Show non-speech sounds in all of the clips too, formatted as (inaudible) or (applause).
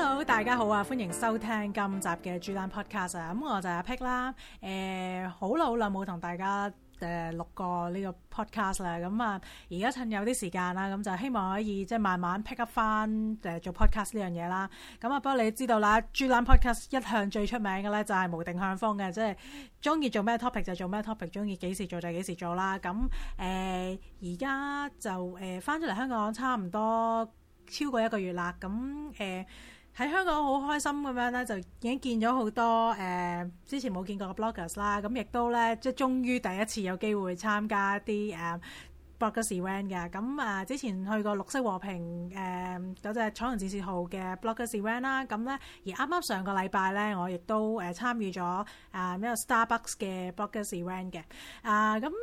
Hello，大家好啊！歡迎收聽今集嘅豬蛋 podcast 啊！咁我就阿 Pick 啦，誒好耐好耐冇同大家誒錄過呢個 podcast 啦，咁啊而家趁有啲時間啦，咁、啊、就希望可以即係慢慢 pick up 翻誒做 podcast 呢樣嘢啦。咁啊不過你知道啦，豬蛋 podcast 一向最出名嘅咧就係無定向風嘅，即係中意做咩 topic 就做咩 topic，中意幾時做就幾時做啦。咁誒而家就誒翻咗嚟香港差唔多超過一個月啦，咁、啊、誒。啊啊喺香港好開心咁樣咧，就已經見咗好多誒、呃、之前冇見過嘅 bloggers 啦、啊。咁亦都咧，即係終於第一次有機會參加啲誒 bloggers event 嘅。咁、啊、誒之前去過綠色和平誒嗰隻彩虹展示號嘅 bloggers event 啦。咁、啊、咧、嗯啊嗯啊嗯啊，而啱啱上個禮拜咧，我亦都誒參與咗啊一個 Starbucks 嘅 bloggers event 嘅。啊咁、嗯啊，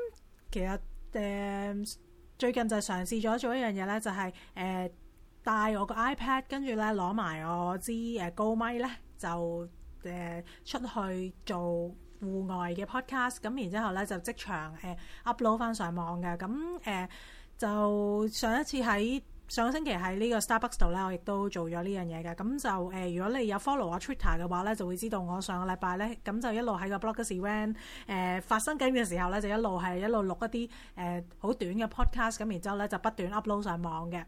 其實誒、啊、最近就嘗試咗做一樣嘢咧，就係誒。帶我個 iPad，跟住咧攞埋我支誒高咪咧，就誒出去做戶外嘅 podcast，咁然之後咧就即場誒 upload 翻上網嘅。咁誒就上一次喺上個星期喺呢個 Starbucks 度咧，我亦都做咗呢樣嘢嘅。咁就誒，如果你有 follow 我 Twitter 嘅話咧，就會知道我上個禮拜咧，咁就一路喺個 bloggers event 誒發生緊嘅時候咧，就一路係、呃、一路錄一啲誒好短嘅 podcast，咁然之後咧就不斷 upload 上網嘅。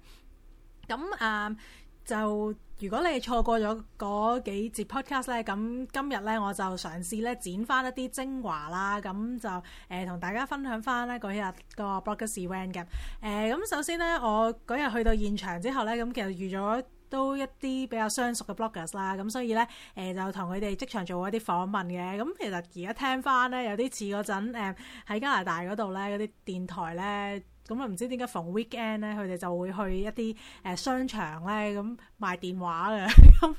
咁誒、嗯、就如果你係錯過咗嗰幾節 podcast 咧，咁今日咧我就嘗試咧剪翻一啲精華啦，咁就誒同、呃、大家分享翻咧嗰日個 bloggers event 嘅。誒咁首先咧，我嗰日去到現場之後咧，咁其實遇咗都一啲比較相熟嘅 bloggers 啦，咁所以咧誒、呃、就同佢哋即場做一啲訪問嘅。咁其實而家聽翻咧，有啲似嗰陣喺加拿大嗰度咧嗰啲電台咧。咁啊，唔知點解逢 weekend 咧，佢哋就會去一啲誒商場咧，咁賣電話嘅。咁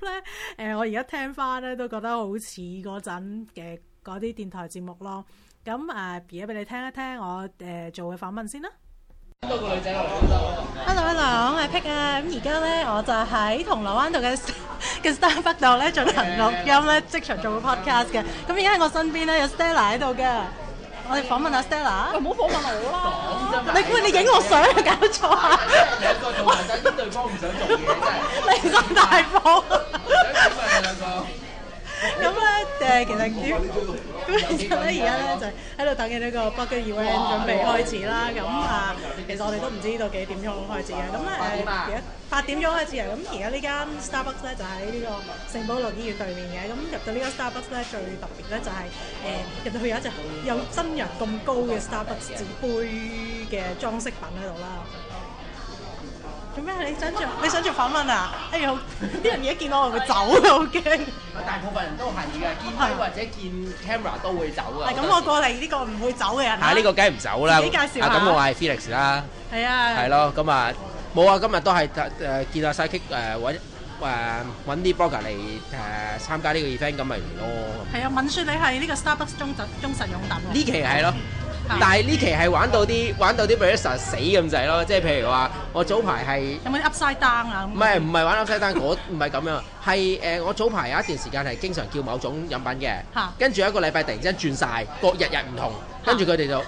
咧誒，我而家聽翻咧，都覺得好似嗰陣嘅嗰啲電台節目咯。咁誒，俾嘢俾你聽一聽，我誒做嘅訪問先啦。揾到個女仔落嚟啦！Hello，Hello，我係 Pick 啊。咁而家咧，我就喺銅鑼灣度嘅嘅 Starbucks 度咧進行錄音咧，即場做個 podcast 嘅。咁而家喺我身邊咧有 Stella 喺度嘅，我哋訪問下 Stella。唔好訪問我啦！你估你影我相啊搞錯啊！你個大抱咁咧誒，其實咁咁，其實咧而家咧就喺度等緊呢個北京 event 準備開始啦。咁啊，其實我哋都唔知到幾點鐘開始嘅。咁咧誒，而家八點鐘開始啊。咁而家呢間 Starbucks 咧就喺呢個聖保羅醫院對面嘅。咁入到呢間 Starbucks 咧，最特別咧就係誒入到去有一隻有真人咁高嘅 Starbucks 紙杯。嘅裝飾品喺度啦，做咩啊？你想著你想著反問啊？哎呀，啲人嘢見到我會走嘅，好驚。大部分人都係嘅，見或者見 camera 都會走嘅。係咁，我過嚟呢個唔會走嘅人。係呢個梗係唔走啦。幾介紹下？啊，咁我係 Felix 啦。係啊。係咯，咁啊冇啊，今日都係誒見阿西 K 誒揾誒揾啲 partner 嚟誒參加呢個 event，咁咪咯。係啊，敏說你係呢個 Starbucks 忠實忠實擁躉。呢期係咯。但係呢期係玩到啲玩到啲 barista 死咁滯咯，即係譬如話，我早排係有冇啲 Upside Down 啊？唔係唔係玩 Upside Down，我唔係咁樣，係誒、呃、我早排有一段時間係經常叫某種飲品嘅，跟住哈一個禮拜突然之間轉晒，各日日唔同，跟住佢哋就誒、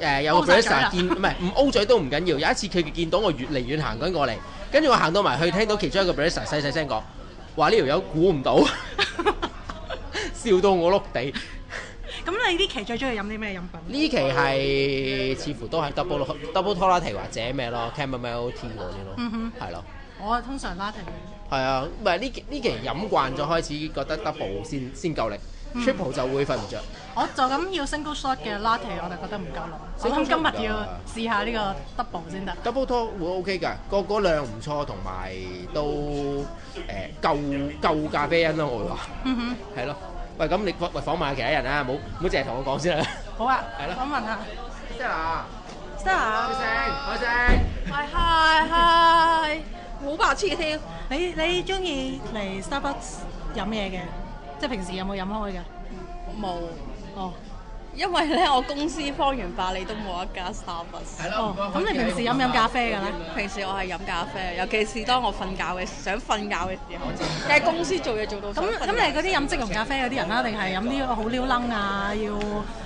呃、有個 barista 見唔係唔 O 嘴都唔緊要，有一次佢見到我越嚟越行緊過嚟，跟住我行到埋去聽到其中一個 barista 細細聲講話呢條友估唔到笑笑，笑到我碌地。咁你呢期最中意飲啲咩飲品？呢期係似乎都係 double double 拖拉提或者咩咯，camel milk tea 嗰啲咯，係咯。我啊通常 latte。係啊，唔係呢期呢期飲慣咗，開始覺得 double 先先夠力，triple 就會瞓唔著。我就咁要 single shot 嘅 latte，我就覺得唔夠力，所以今日要試下呢個 double 先得。double 拖會 OK 㗎，個嗰量唔錯，同埋都誒夠夠咖啡因咯，我話。嗯哼。係咯。喂，咁你喂訪問下其他人啊，唔好唔好淨係同我講先啦。好啊，係咯，訪問下，Stella，Stella，開聲，開聲，Hi Hi，我白痴添，你你中意嚟 Starbucks 飲嘢嘅，即係平時有冇飲開嘅？冇。哦。因為咧，我公司方圓百里，你都冇一家 Starbucks 哦，咁你平時飲唔飲咖啡嘅咧？平時我係飲咖啡，尤其是當我瞓覺嘅想瞓覺嘅時候。喺公司做嘢做到咁咁，你嗰啲飲即溶咖啡嗰啲人啦，定係飲啲好溜楞啊？要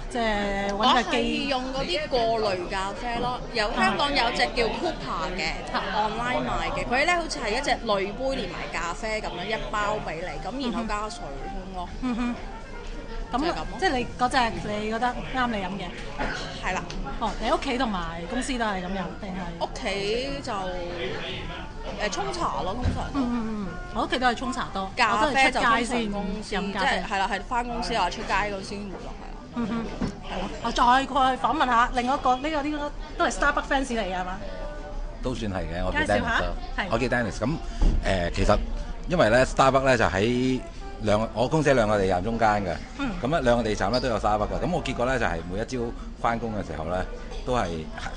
即係揾個機器用嗰啲過濾咖啡咯。有香港有隻叫 Cooper 嘅 online 賣嘅，佢咧好似係一隻濾杯連埋咖啡咁樣一包俾你，咁然後加水烘咯。咁、嗯啊、即係你嗰隻，你覺得啱你飲嘅係啦。的哦，你屋企同埋公司都係咁樣，定係屋企就誒沖茶咯，通常。嗯嗯我屋企都係沖茶多，咖啡就出街先公司飲，即係係啦，係翻公司或的出街嗰先活落去。嗯哼，我再過去訪問下另一個呢個呢個、個、個、個、個、個都係 Starbucks fans 嚟嘅係嘛？都算係嘅，我 Dennis 我叫 Dennis 咁誒，其實因為咧 Starbucks 咧就喺。兩個我公司兩個地產中間嘅，咁咧兩個地產都有三百個，咁我結果咧就係、是、每一朝返工嘅時候咧，都係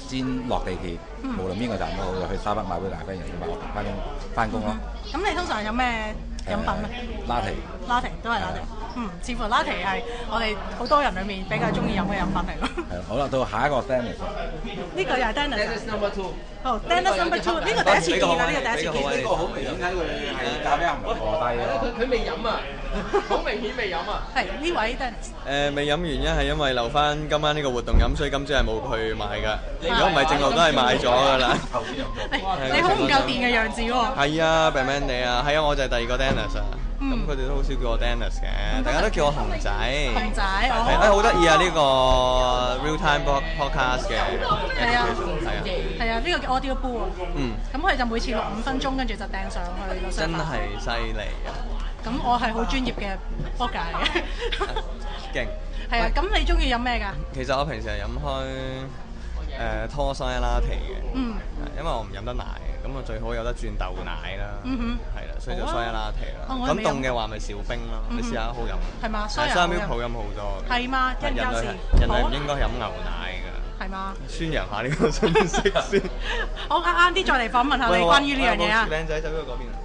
先落地鐵。無論邊個站都好，入去沙北買杯咖啡，然後翻翻工翻工咯。咁你通常飲咩飲品咧？拿鐵。拿鐵都係拿鐵。嗯，似乎拿鐵係我哋好多人裏面比較中意飲嘅飲品嚟咯。係好啦，到下一個 Dennis。呢個又係 Dennis。Dennis number two。哦，Dennis number two。呢個第一次見啊，呢個第一次見。呢個好明顯睇佢係咖啡，阿明哥。係咯，佢佢未飲啊。好明顯未飲啊！係呢位 Dennis。誒，未飲原因係因為留翻今晚呢個活動飲，所以今朝係冇去買噶。如果唔係正路，都係買咗噶啦。投資入去。你好唔夠電嘅樣子喎。係啊，man man 地啊，係啊，我就係第二個 Dennis 啊。嗯。咁佢哋都好少叫我 Dennis 嘅，大家都叫我熊仔。熊仔，我。係。誒，好得意啊！呢個 Real Time Podcast 嘅。係啊，係啊。係啊，呢個叫 Audioboo 啊。嗯。咁佢就每次錄五分鐘，跟住就掟上去。真係犀利啊！咁我係好專業嘅科計，勁。係啊，咁你中意飲咩㗎？其實我平時係飲開誒拖沙奶 latte 嘅，嗯，因為我唔飲得奶，咁啊最好有得轉豆奶啦，嗯哼，係啦，所以就沙奶 latte 啦。咁凍嘅話咪少冰咯，你試下好飲。係嘛，酸牛奶好飲好多。係嘛，一加四。人類唔應該飲牛奶㗎。係嘛。宣揚下呢個信息先。我啱啱啲，再嚟訪問下你關於呢樣嘢啊。靚仔走咗去嗰邊啦。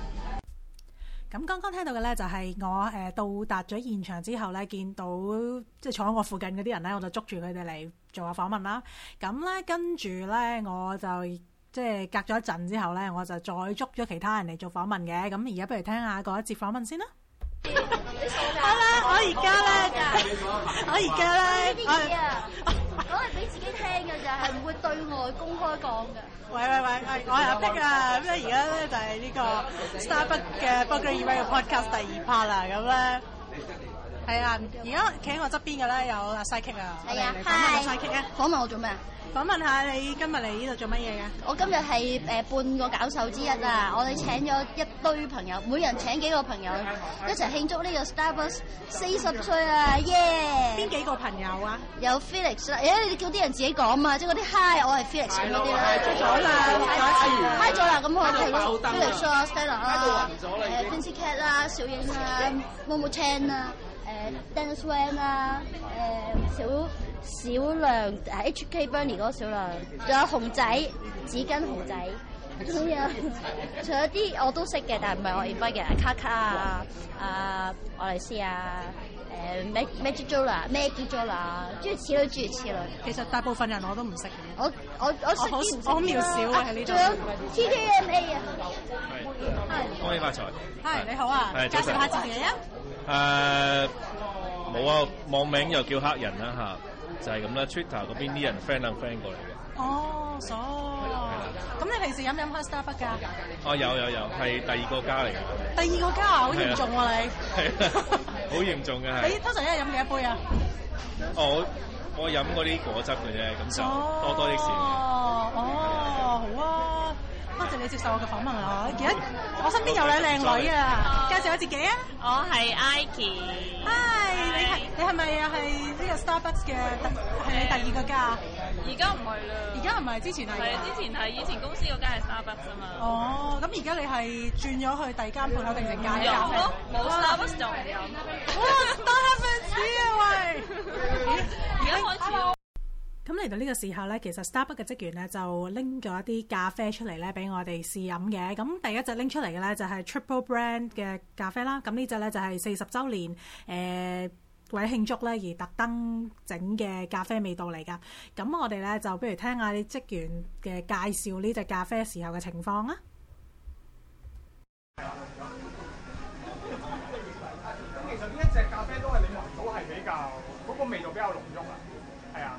咁剛剛聽到嘅咧就係我誒到達咗現場之後咧，見到即係坐喺我附近嗰啲人咧，我就捉住佢哋嚟做下訪問啦。咁咧跟住咧，我就即係隔咗一陣之後咧，我就再捉咗其他人嚟做訪問嘅。咁而家不如聽下嗰一節訪問先啦。 (laughs) (laughs) 好啦，我而家咧， (laughs) (laughs) 我而家咧。 (laughs) (laughs) 你自己聽嘅就係唔會對外公開講嘅。喂喂喂，我係阿碧啊！咁咧而家咧就係呢個 Starbucks 嘅《book 不拘二位》Podcast 第二 part 啦，咁、嗯、咧。係啊！而家企喺我側邊嘅咧有阿西劇啊，係啊，hi 西劇啊，訪問我做咩？訪問下你今日嚟呢度做乜嘢啊？我今日係誒半個搞手之一啊！我哋請咗一堆朋友，每人請幾個朋友一齊慶祝呢個 Starbucks 四十歲啊！耶！邊幾個朋友啊？有 Felix 啦，誒你叫啲人自己講嘛，即係嗰啲 hi 我係 Felix 嗰啲啦。hi 咗啦，阿咗啦，咁佢。hi 咗啦，咁佢。Felix 啊，Stella 啊，誒 Jessica 啦，小英啊 Mumu Chan 啦。Dance Swan 啦，誒小小亮 HK Bernie 嗰個小亮，仲有熊仔紙巾熊仔，仲有，除咗啲我都識嘅，但係唔係我 invite 嘅，卡卡啊，啊愛麗絲啊，誒 Magicola Magicola，諸如此類，諸如此類。其實大部分人我都唔識嘅。我我我我我好渺小啊，呢種。仲有 TJMA，係，恭喜發財，係你好啊，介紹下自己啊。誒冇啊，網名又叫黑人啦吓、啊，就係咁啦。Twitter 嗰邊啲人 friend 翻 friend 過嚟嘅。哦，所咁你平時飲唔飲黑 Starbucks 噶？哦、啊，有有有，係第二個家嚟㗎。第二個家啊，好嚴重啊， (noise) 你。係 (laughs) (laughs) 好嚴重嘅，你通常一日飲幾多杯啊、oh,？我我飲嗰啲果汁嘅啫，咁就多多益善。哦，oh, oh, 好啊。多謝你接受我嘅訪問啊！而家我身邊有兩靚女啊，介紹我自己啊。我係 Ikey。Hi，你係你係咪又係呢個 Starbucks 嘅特？係你第二個家？而家唔係啦，而家唔係，之前係。係之前係以前公司嗰間係 Starbucks 啊嘛。哦，咁而家你係轉咗去第二間鋪頭定係解約？Starbucks 仲係有。Starbucks 啊喂！而家開始。咁嚟到呢個時候呢，其實 Starbucks 嘅職員呢就拎咗一啲咖啡出嚟呢，俾我哋試飲嘅。咁第一隻拎出嚟嘅呢，就係 Triple Brand 嘅咖啡啦。咁呢隻呢，就係四十週年誒為慶祝呢而特登整嘅咖啡味道嚟㗎。咁、嗯、我哋呢，就不如聽，聽下啲職員嘅介紹呢隻咖啡時候嘅情況啦。咁 (laughs) (laughs) 其實呢一隻咖啡都係你聞到係比較嗰、那個味道比較濃郁啊。係啊。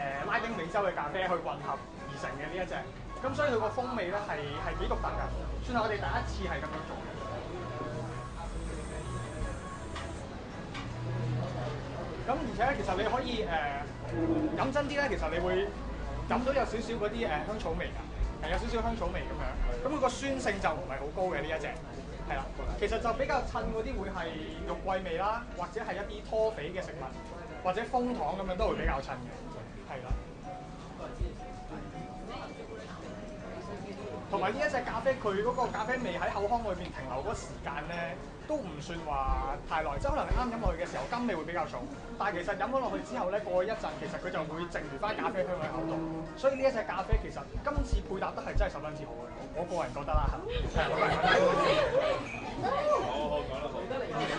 誒拉丁美洲嘅咖啡去混合而成嘅呢一隻，咁所以佢個風味咧係係幾獨特㗎，算係我哋第一次係咁樣做嘅。咁而且其實你可以誒、呃、飲真啲咧，其實你會飲到有少少嗰啲誒香草味㗎，係有少少香草味咁樣。咁佢個酸性就唔係好高嘅呢一隻，係啦，其實就比較襯嗰啲會係肉桂味啦，或者係一啲拖肥嘅食物，或者蜂糖咁樣都會比較襯嘅。係啦，同埋呢一隻咖啡，佢嗰個咖啡味喺口腔裏邊停留嗰時間咧，都唔算話太耐。即可能你啱飲落去嘅時候，甘味會比較重，但係其實飲咗落去之後咧，過一陣其實佢就會剩餘翻咖啡香味喺口度。所以呢一隻咖啡其實今次配搭得係真係十分之好嘅，我個人覺得啦。 (laughs) (laughs)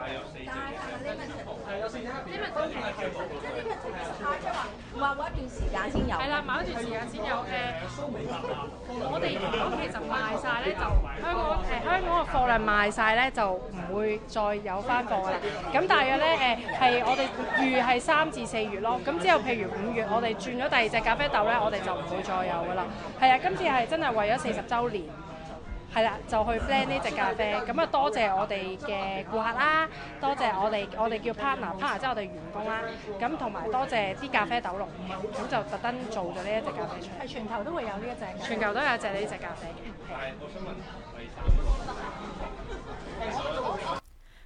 但係，但係呢份情，呢份情，即係呢份情，即係話話過一段時間先有，係啦，買一段時間先有嘅、欸嗯嗯。我哋現今其實賣晒咧，光就香港誒、欸、香港嘅貨量賣晒咧，光就唔會再有翻貨啦。咁大約咧誒，係我哋預係三至四月咯。咁之後譬如五月，我哋轉咗第二隻咖啡豆咧，我哋就唔會再有噶啦。係啊，今次係真係為咗四十週年。係啦，就去 friend 呢隻咖啡，咁啊多謝我哋嘅顧客啦，多謝我哋我哋叫 partner，partner 即係我哋員工啦，咁同埋多謝啲咖啡豆農，咁就特登做咗呢一隻咖啡出嚟。係全球都會有呢一隻。全球都有一隻呢隻咖啡。 (laughs) (laughs)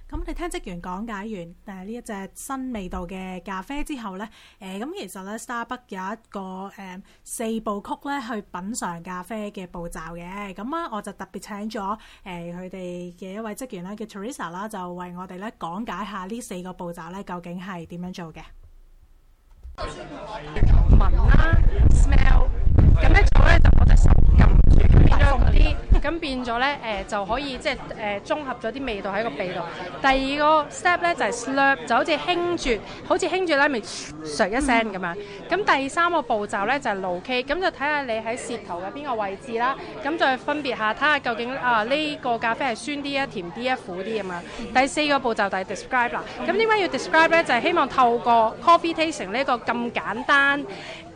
咁你聽職員講解完誒呢、呃、一隻新味道嘅咖啡之後呢，誒、呃、咁其實呢，Starbuck 有一個誒、呃、四部曲呢去品嚐咖啡嘅步驟嘅，咁、呃、啊我就特別請咗誒佢哋嘅一位職員啦，叫 Teresa 啦、呃，就為我哋呢講解下呢四個步驟呢究竟係點樣做嘅。聞啦，smell，咁呢就我哋。變咗咧，誒、呃、就可以即係誒、呃、綜合咗啲味道喺個鼻度。第二個 step 咧就係、是、slurp，就好似輕住，好似輕住拉 sir 一聲咁樣。咁、嗯、第三個步驟咧就係 locate，咁就睇下你喺舌頭嘅邊個位置啦。咁再分別下，睇下究竟啊呢、這個咖啡係酸啲啊、甜啲啊、苦啲咁啊。嗯、第四個步驟就係 describe 啦。咁點解要 describe 咧？就係、是就是、希望透過 coffee tasting 呢個咁簡單。嘅誒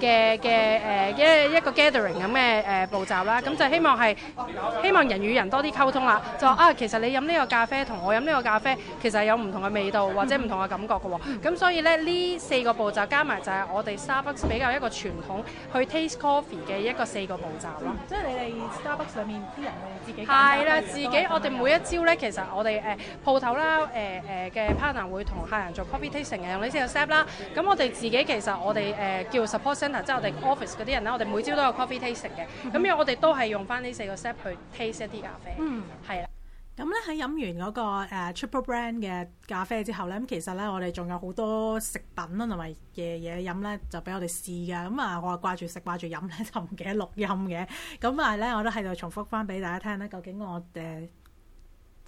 嘅嘅誒一一個 gathering 咁嘅誒步驟啦，咁就希望係希望人與人多啲溝通啦。就話啊，其實你飲呢個咖啡同我飲呢個咖啡其實有唔同嘅味道或者唔同嘅感覺嘅喎。咁、嗯、所以咧呢四個步驟加埋就係我哋 Starbucks 比較一個傳統去 taste coffee 嘅一個四個步驟咯。即係你哋 Starbucks 上面啲人咧自己係啦的，的自己我哋每一朝咧，嗯、其實我哋誒鋪頭啦誒誒嘅 partner 會同客人做 coffee tasting 嘅，用呢四個 set 啦。咁我哋自己其實我哋。嗯嗯誒、呃、叫 support center 即係我哋 office 嗰啲人咧，我哋每朝都有 coffee tasting 嘅，咁因、嗯、樣我哋都係用翻呢四個 set 去 taste 一啲咖啡。嗯，係啦的。咁咧喺飲完嗰、那個 triple brand 嘅咖啡之後咧，咁其實咧我哋仲有好多食品啦同埋嘅嘢飲咧，就俾我哋試噶。咁、嗯、啊，我係掛住食掛住飲咧，就唔記得錄音嘅。咁、嗯、啊，係咧，我都喺度重複翻俾大家聽咧，究竟我誒。呃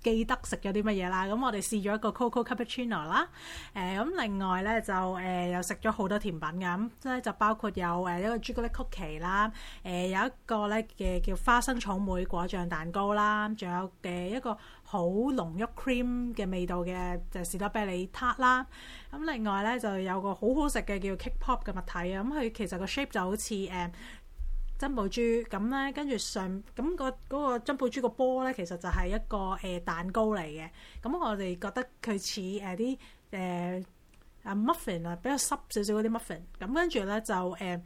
記得食咗啲乜嘢啦？咁我哋試咗一個 Coco Cappuccino 啦。誒，咁另外呢，就誒、呃、又食咗好多甜品㗎。咁、呃、咧就包括有誒一個朱古力曲奇啦。誒、呃、有一個呢嘅叫花生草莓果醬蛋糕啦。仲有嘅一個好濃郁 cream 嘅味道嘅就是、士多啤梨塔啦。咁、呃、另外呢，就有個好好食嘅叫 Kick Pop 嘅物體啊。咁、呃、佢其實個 shape 就好似誒。呃珍寶珠咁咧，跟住上咁個嗰個珍寶珠個波咧，其實就係一個誒、呃、蛋糕嚟嘅。咁我哋覺得佢似誒啲誒啊 muffin 啊，in，比較濕少少嗰啲 muffin。咁跟住咧就誒、呃、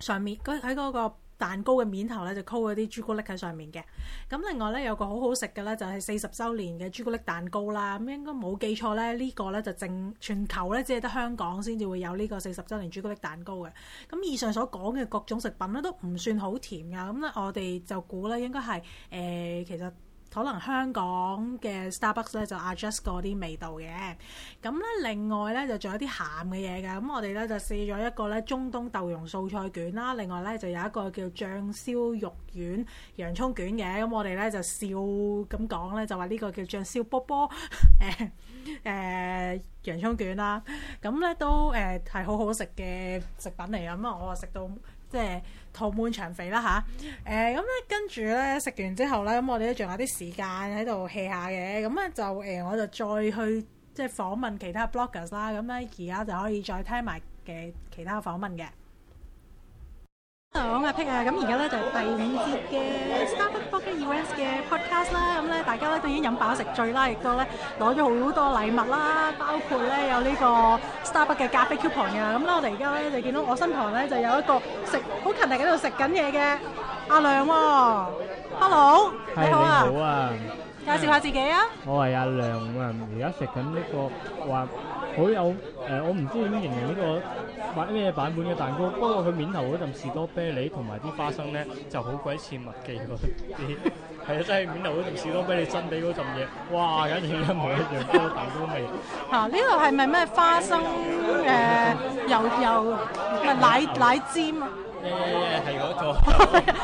上面佢喺嗰個。蛋糕嘅面頭咧就溝咗啲朱古力喺上面嘅，咁另外咧有個好好食嘅咧就係四十週年嘅朱古力蛋糕啦，咁應該冇記錯，咧呢個咧就正全球咧只係得香港先至會有呢個四十週年朱古力蛋糕嘅，咁以上所講嘅各種食品咧都唔算好甜㗎，咁咧我哋就估咧應該係誒其實。可能香港嘅 Starbucks 咧就 adjust 過啲味道嘅，咁咧另外咧就仲有啲鹹嘅嘢嘅，咁我哋咧就試咗一個咧中東豆蓉素菜卷啦，另外咧就有一個叫醬燒肉丸洋葱卷嘅，咁我哋咧就笑咁講咧就話呢個叫醬燒波波誒誒洋葱卷啦，咁咧都誒係好好食嘅食品嚟啊，咁我啊食到～即係肚滿腸肥啦吓，誒咁咧跟住咧食完之後咧，咁我哋都仲有啲時間喺度 hea 下嘅，咁、啊、咧就誒、呃、我就再去即係訪問其他 bloggers 啦，咁咧而家就可以再聽埋嘅其他訪問嘅。嘅 pick 啊，咁而家咧就係第五節嘅 Starbucks Coffee Events 嘅 podcast 啦，咁咧大家咧都已經飲飽食醉啦，亦都咧攞咗好多禮物啦，包括咧有呢個 Starbucks 嘅咖啡 coupon 嘅，咁咧我哋而家咧就見到我身旁咧就有一個食好勤力喺度食緊嘢嘅阿亮喎，hello，你好啊，你好啊，介紹下自己啊，我係阿亮啊，而家食緊呢個哇。好有誒、呃！我唔知點形容呢、呢個買咩版本嘅蛋糕，不過佢面頭嗰陣士多啤梨同埋啲花生咧，就好鬼似麥記嗰啲。係 (laughs) 啊，真係面頭嗰陣士多啤梨，真底嗰陣嘢，哇！簡直一模一樣，包蛋糕味。啊！呢個係咪咩花生誒、 (laughs) 呃、油油咩 (laughs) 奶奶尖啊？誒係嗰個，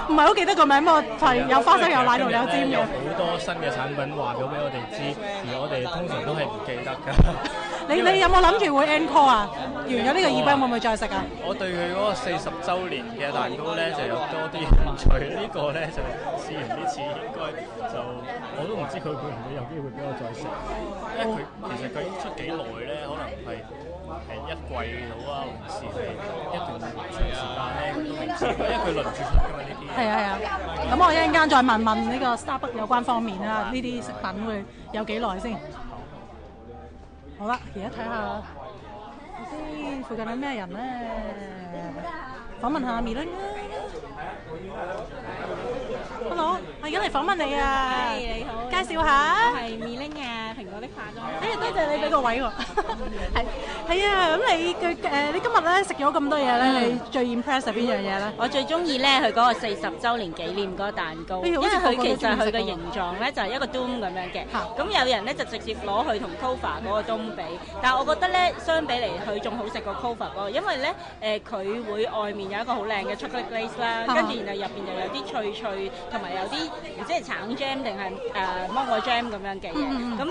唔係好記得個名，不過 (laughs) 有花生有奶同有尖，有好多新嘅產品話咗俾我哋 (laughs) 知，而我哋通常都係唔記得㗎。 (laughs) 你，你，你，有冇諗住會 end call，啊，完咗呢個二杯，會唔會再食？啊，我對佢嗰個四十周年嘅蛋糕呢，就有多啲興趣。好啦，而家睇下先，附近有咩人咧？訪問下 Mir 玲啊，Hello，我而家嚟訪問你啊，你好，介紹下，我係 Mir 玲啊。化誒多謝你俾個位喎，係啊，咁你嘅誒你今日咧食咗咁多嘢咧，你最 impress 係邊樣嘢咧？我最中意咧，佢嗰個四十週年紀念嗰個蛋糕，因為佢其實佢嘅形狀咧就係一個 dome 咁樣嘅，咁有人咧就直接攞去同 Cofer 嗰個 dome 比，但係我覺得咧相比嚟佢仲好食過 Cofer 咯，因為咧誒佢會外面有一個好靚嘅 chocolate glaze 啦，跟住然後入邊就有啲脆脆同埋有啲唔知係橙 jam 定係誒芒果 jam 咁樣嘅嘢，咁。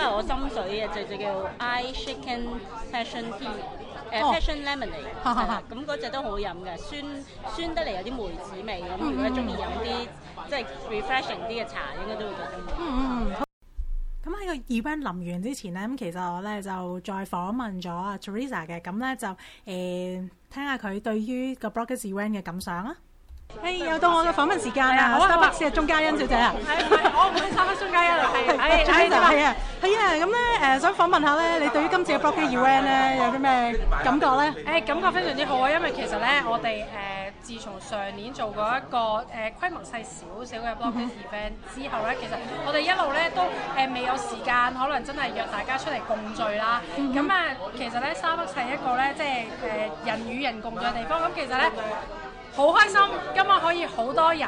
因為我心水嘅就只叫 I Shaken Passion Tea，誒 Passion Lemonade，咁嗰隻都好飲嘅，酸酸得嚟有啲梅子味。咁如果中意飲啲即係 refreshing 啲嘅茶，應該都會覺得。嗯嗯嗯。咁、hmm. 喺 (music) 個 event 臨完之前咧，咁其實我咧就再訪問咗啊 Teresa 嘅，咁咧就誒、欸、聽下佢對於個 Blockers event 嘅感想啊。誒又到我嘅訪問時間啦！沙北市嘅鍾嘉欣小姐啊，係係，我唔係沙北鍾嘉欣，係係鍾嘉欣啊，係啊係啊咁咧誒，想訪問下咧，你對於今次嘅 blocker event 咧有啲咩感覺咧？誒感覺非常之好啊，因為其實咧我哋誒自從上年做過一個誒規模細少少嘅 blocker event 之後咧，其實我哋一路咧都誒未有時間，可能真係約大家出嚟共聚啦。咁啊，其實咧沙北係一個咧即係誒人與人共聚嘅地方。咁其實咧。好開心，今日可以好多人。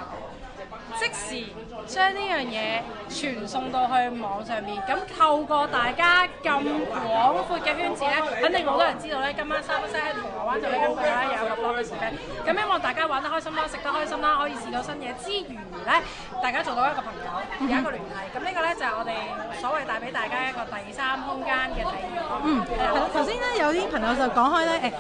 即時將呢樣嘢傳送到去網上面，咁透過大家咁廣闊嘅圈子咧，肯定好多人都知道咧。今晚 Starbucks 喺銅鑼灣就呢個活動咧，有入落去嘅時間。咁希望大家玩得開心啦，食得開心啦，可以試到新嘢之餘咧，大家做到一個朋友，有一個聯繫。咁呢個咧就係我哋所謂帶俾大家一個第三空間嘅第二個。嗯，係啦。頭先咧有啲朋友就講開咧，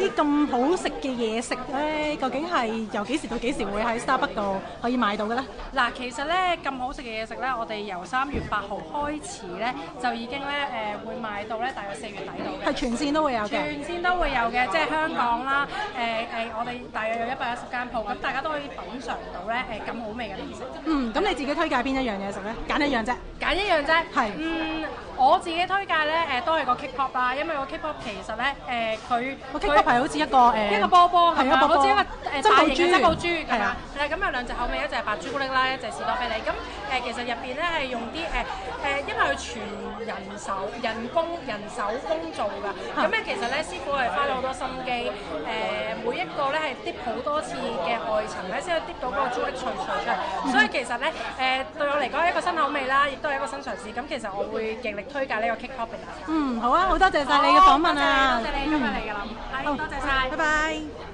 誒，今日啲咁好食嘅嘢食咧，究竟係由幾時到幾時會喺 Starbucks 度可以買到？嗱，其實咧咁好食嘅嘢食咧，我哋由三月八號開始咧，就已經咧誒會賣到咧大約四月底度嘅。係全線都會有嘅。全線都會有嘅，即係香港啦。誒誒，我哋大約有一百一十間鋪，咁大家都可以品嚐到咧誒咁好味嘅零食。嗯，咁你自己推介邊一樣嘢食咧？揀一樣啫。揀一樣啫。係。嗯，我自己推介咧誒都係個 Kick Pop 啊，因為個 Kick Pop 其實咧誒佢。個 Kick Pop 係好似一個誒。一個波波。係一個波波。即個珠。即個珠係啊。係咁，有兩隻口味，一隻係白朱古力啦，一隻士多啤梨。咁誒、呃，其實入邊咧係用啲誒誒，因為佢全人手、人工、人手工做㗎。咁啊、嗯，其實咧師傅係花咗好多心機，誒、呃、每一個咧係滴好多次嘅外層咧，先可以滴到嗰個朱古力脆爽嘅。所以其實咧誒、呃，對我嚟講係一個新口味啦，亦都係一個新嘗試。咁、嗯、其實我會極力推介呢個 k i c k o p e 啦。嗯，好啊，好、嗯、多謝晒你嘅訪問啊！嗯、多謝你，多謝你嘅訪問，好，拜拜。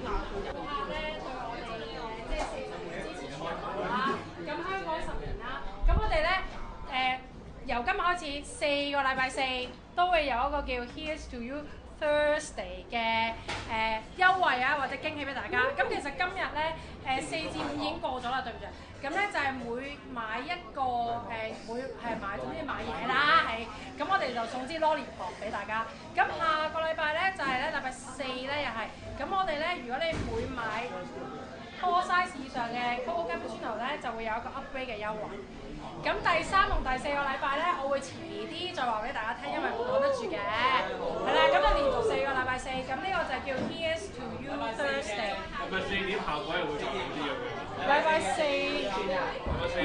由今日開始，四個禮拜四都會有一個叫 Here's to You Thursday 嘅誒優惠啊，或者驚喜俾大家。咁其實今日咧，誒四至五已經過咗啦，對唔住。咁咧就係每買一個誒每係買總之買嘢啦，係咁我哋就送支 Lollipop 俾大家。咁下個禮拜咧就係咧禮拜四咧又係，咁我哋咧如果你每買多 size 以上嘅。就會有一個 upgrade 嘅優惠。咁第三同第四個禮拜咧，我會遲啲再話俾大家聽，因為我攔得住嘅。係啦、哦，咁就連續四個禮拜四。咁呢個就叫 T.S. to you Thursday。唔禮拜四。唔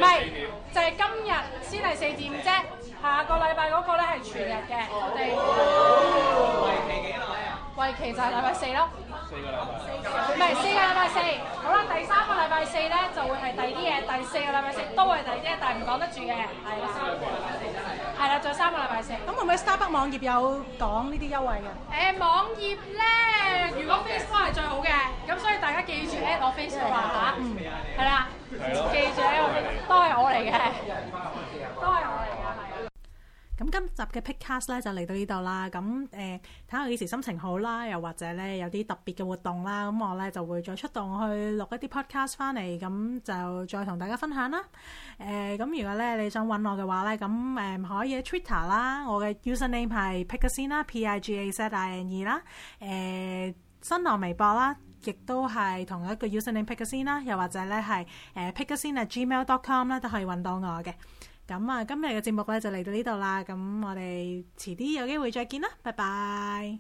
係，就係、是、今日先係四點啫。下個禮拜嗰個咧係全日嘅。第為期幾耐啊？為、哦、期就禮拜四咯。四個禮拜四，唔係四個禮拜四。好啦，第三個禮拜四咧就會係第啲嘢，第四個禮拜四都係第啲嘢，但係唔講得住嘅。係啦，係啦，仲有三個禮拜四。咁會唔會 Starbucks 網頁有講呢啲優惠嘅？誒網頁咧，如果 Facebook 係最好嘅。咁所以大家記住 at 我 Facebook 話下，係啦，記住喺我 Facebook，都係我嚟嘅。咁今集嘅 Pickcast 咧就嚟到呢度啦，咁誒睇下幾時心情好啦，又或者咧有啲特別嘅活動啦，咁、嗯、我咧就會再出動去錄一啲 Podcast 翻嚟，咁、嗯、就再同大家分享啦。誒、嗯、咁如果咧你想揾我嘅話咧，咁、嗯、誒可以 Twitter 啦，我嘅 Username 係 pigasina，P-I-G-A-S-I-N 啦。E 啦。誒、嗯、新浪微博啦，亦都係同一個 Username pigasina，c 又或者咧係誒 pigasina@gmail.com c 啦都可以揾到我嘅。咁啊，今日嘅節目呢就嚟到呢度啦，咁我哋遲啲有機會再見啦，拜拜。